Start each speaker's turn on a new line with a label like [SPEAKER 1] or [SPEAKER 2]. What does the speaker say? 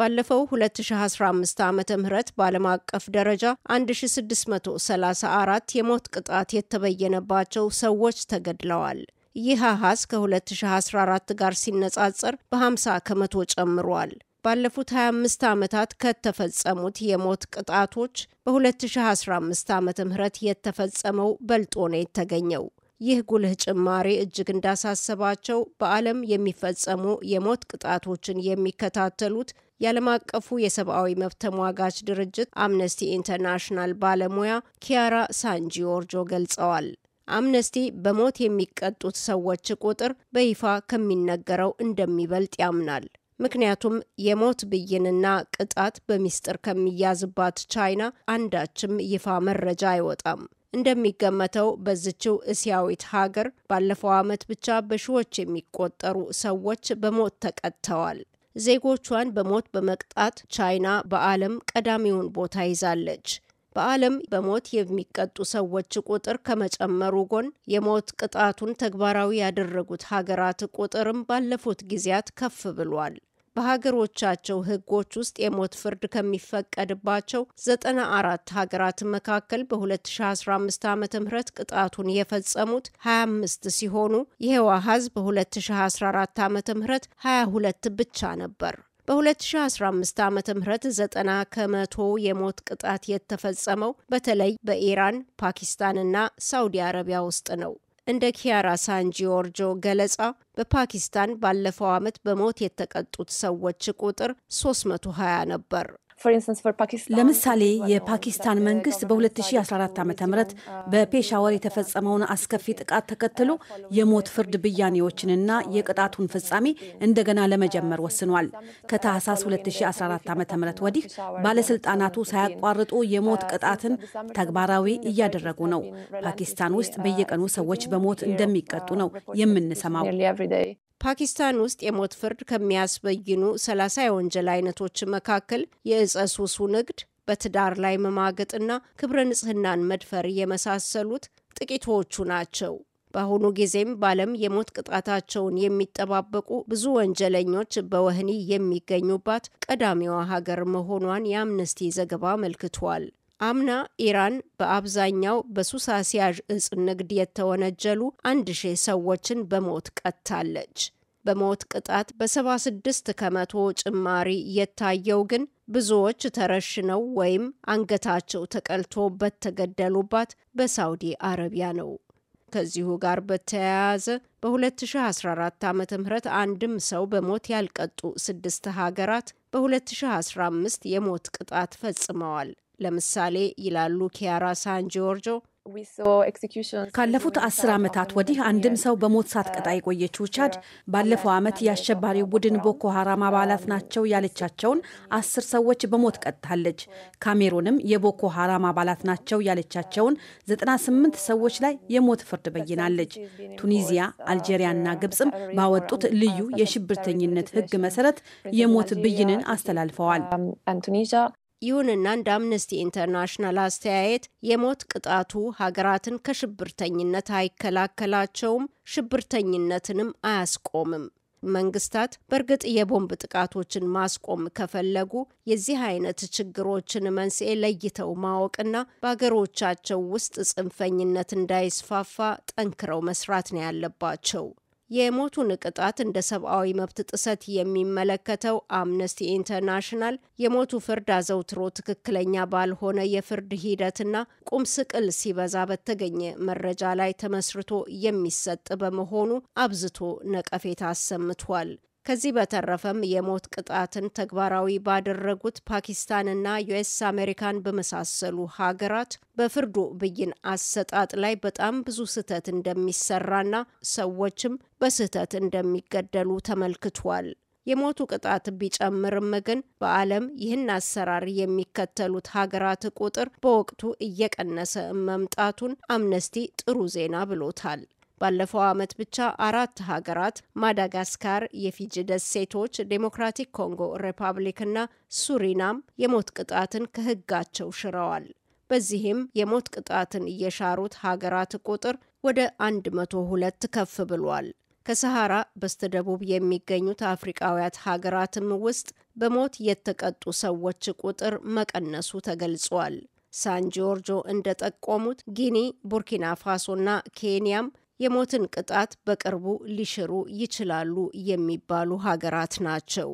[SPEAKER 1] ባለፈው 2015 ዓ ም በዓለም አቀፍ ደረጃ 1634 የሞት ቅጣት የተበየነባቸው ሰዎች ተገድለዋል። ይህ አሃዝ ከ2014 ጋር ሲነጻጸር በ50 ከመቶ ጨምሯል። ባለፉት 25 ዓመታት ከተፈጸሙት የሞት ቅጣቶች በ2015 ዓ ም የተፈጸመው በልጦ ነው የተገኘው። ይህ ጉልህ ጭማሪ እጅግ እንዳሳሰባቸው በዓለም የሚፈጸሙ የሞት ቅጣቶችን የሚከታተሉት የዓለም አቀፉ የሰብአዊ መብት ተሟጋች ድርጅት አምነስቲ ኢንተርናሽናል ባለሙያ ኪያራ ሳንጂዮርጆ ገልጸዋል። አምነስቲ በሞት የሚቀጡት ሰዎች ቁጥር በይፋ ከሚነገረው እንደሚበልጥ ያምናል። ምክንያቱም የሞት ብይንና ቅጣት በሚስጥር ከሚያዝባት ቻይና አንዳችም ይፋ መረጃ አይወጣም። እንደሚገመተው በዝችው እስያዊት ሀገር ባለፈው ዓመት ብቻ በሺዎች የሚቆጠሩ ሰዎች በሞት ተቀጥተዋል። ዜጎቿን በሞት በመቅጣት ቻይና በዓለም ቀዳሚውን ቦታ ይዛለች። በዓለም በሞት የሚቀጡ ሰዎች ቁጥር ከመጨመሩ ጎን የሞት ቅጣቱን ተግባራዊ ያደረጉት ሀገራት ቁጥርም ባለፉት ጊዜያት ከፍ ብሏል። በሀገሮቻቸው ህጎች ውስጥ የሞት ፍርድ ከሚፈቀድባቸው 94 ሀገራት መካከል በ2015 ዓ ም ቅጣቱን የፈጸሙት 25 ሲሆኑ ይህዋ ህዝብ በ2014 ዓ ም 22 ብቻ ነበር። በ2015 ዓ ም 90 ከመቶ የሞት ቅጣት የተፈጸመው በተለይ በኢራን ፓኪስታንና ሳውዲ አረቢያ ውስጥ ነው። እንደ ኪያራ ሳን ጂዮርጆ ገለጻ በፓኪስታን ባለፈው ዓመት በሞት የተቀጡት ሰዎች ቁጥር
[SPEAKER 2] 320 ነበር። ለምሳሌ የፓኪስታን uh, መንግስት በ2014 ዓ ም በፔሻወር የተፈጸመውን uh, አስከፊ uh, ጥቃት ተከትሎ የሞት ፍርድ ብያኔዎችንና የቅጣቱን ፍጻሜ እንደገና ለመጀመር ወስኗል። ከታህሳስ 2014 ዓ ም ወዲህ ባለስልጣናቱ ሳያቋርጡ የሞት ቅጣትን ተግባራዊ እያደረጉ ነው። ፓኪስታን ውስጥ በየቀኑ ሰዎች በሞት እንደሚቀጡ ነው የምንሰማው።
[SPEAKER 1] ፓኪስታን ውስጥ የሞት ፍርድ ከሚያስበይኑ 30 የወንጀል አይነቶች መካከል የእጸሱሱ ሱሱ ንግድ፣ በትዳር ላይ መማገጥና ክብረ ንጽህናን መድፈር የመሳሰሉት ጥቂቶቹ ናቸው። በአሁኑ ጊዜም በዓለም የሞት ቅጣታቸውን የሚጠባበቁ ብዙ ወንጀለኞች በወህኒ የሚገኙባት ቀዳሚዋ ሀገር መሆኗን የአምነስቲ ዘገባ አመልክቷል። አምና ኢራን በአብዛኛው በሱስ አስያዥ እጽ ንግድ የተወነጀሉ አንድ ሺህ ሰዎችን በሞት ቀጥታለች። በሞት ቅጣት በ76 ከመቶ ጭማሪ የታየው ግን ብዙዎች ተረሽነው ወይም አንገታቸው ተቀልቶ በተገደሉባት በሳውዲ አረቢያ ነው። ከዚሁ ጋር በተያያዘ በ2014 ዓ ም አንድም ሰው በሞት ያልቀጡ ስድስት ሀገራት በ2015 የሞት ቅጣት ፈጽመዋል። ለምሳሌ ይላሉ ኪያራ ሳን
[SPEAKER 2] ጆርጆ ካለፉት አስር ዓመታት ወዲህ አንድም ሰው በሞት ሳትቀጣ የቆየችው ቻድ ባለፈው ዓመት የአሸባሪው ቡድን ቦኮ ሀራም አባላት ናቸው ያለቻቸውን አስር ሰዎች በሞት ቀጥታለች። ካሜሩንም የቦኮ ሀራም አባላት ናቸው ያለቻቸውን 98 ሰዎች ላይ የሞት ፍርድ በይናለች። ቱኒዚያ፣ አልጄሪያና ግብፅም ባወጡት ልዩ የሽብርተኝነት ሕግ መሰረት የሞት ብይንን
[SPEAKER 1] አስተላልፈዋል። um, ይሁንና እንደ አምነስቲ ኢንተርናሽናል አስተያየት የሞት ቅጣቱ ሀገራትን ከሽብርተኝነት አይከላከላቸውም፣ ሽብርተኝነትንም አያስቆምም። መንግስታት በእርግጥ የቦምብ ጥቃቶችን ማስቆም ከፈለጉ የዚህ አይነት ችግሮችን መንስኤ ለይተው ማወቅና በሀገሮቻቸው ውስጥ ጽንፈኝነት እንዳይስፋፋ ጠንክረው መስራት ነው ያለባቸው። የሞቱን ቅጣት እንደ ሰብአዊ መብት ጥሰት የሚመለከተው አምነስቲ ኢንተርናሽናል የሞቱ ፍርድ አዘውትሮ ትክክለኛ ባልሆነ የፍርድ ሂደትና ቁም ስቅል ሲበዛ በተገኘ መረጃ ላይ ተመስርቶ የሚሰጥ በመሆኑ አብዝቶ ነቀፌታ አሰምቷል። ከዚህ በተረፈም የሞት ቅጣትን ተግባራዊ ባደረጉት ፓኪስታንና ዩኤስ አሜሪካን በመሳሰሉ ሀገራት በፍርዱ ብይን አሰጣጥ ላይ በጣም ብዙ ስህተት እንደሚሰራና ሰዎችም በስህተት እንደሚገደሉ ተመልክቷል። የሞቱ ቅጣት ቢጨምርም ግን በዓለም ይህን አሰራር የሚከተሉት ሀገራት ቁጥር በወቅቱ እየቀነሰ መምጣቱን አምነስቲ ጥሩ ዜና ብሎታል። ባለፈው ዓመት ብቻ አራት ሀገራት ማዳጋስካር፣ የፊጂ ደሴቶች፣ ዴሞክራቲክ ኮንጎ ሪፐብሊክና ሱሪናም የሞት ቅጣትን ከህጋቸው ሽረዋል። በዚህም የሞት ቅጣትን እየሻሩት ሀገራት ቁጥር ወደ 102 ከፍ ብሏል። ከሰሃራ በስተደቡብ የሚገኙት አፍሪቃውያት ሀገራትም ውስጥ በሞት የተቀጡ ሰዎች ቁጥር መቀነሱ ተገልጿል። ሳን ጂዮርጆ እንደጠቆሙት ጊኒ፣ ቡርኪና ፋሶና ኬንያም የሞትን ቅጣት በቅርቡ ሊሽሩ ይችላሉ የሚባሉ ሀገራት ናቸው።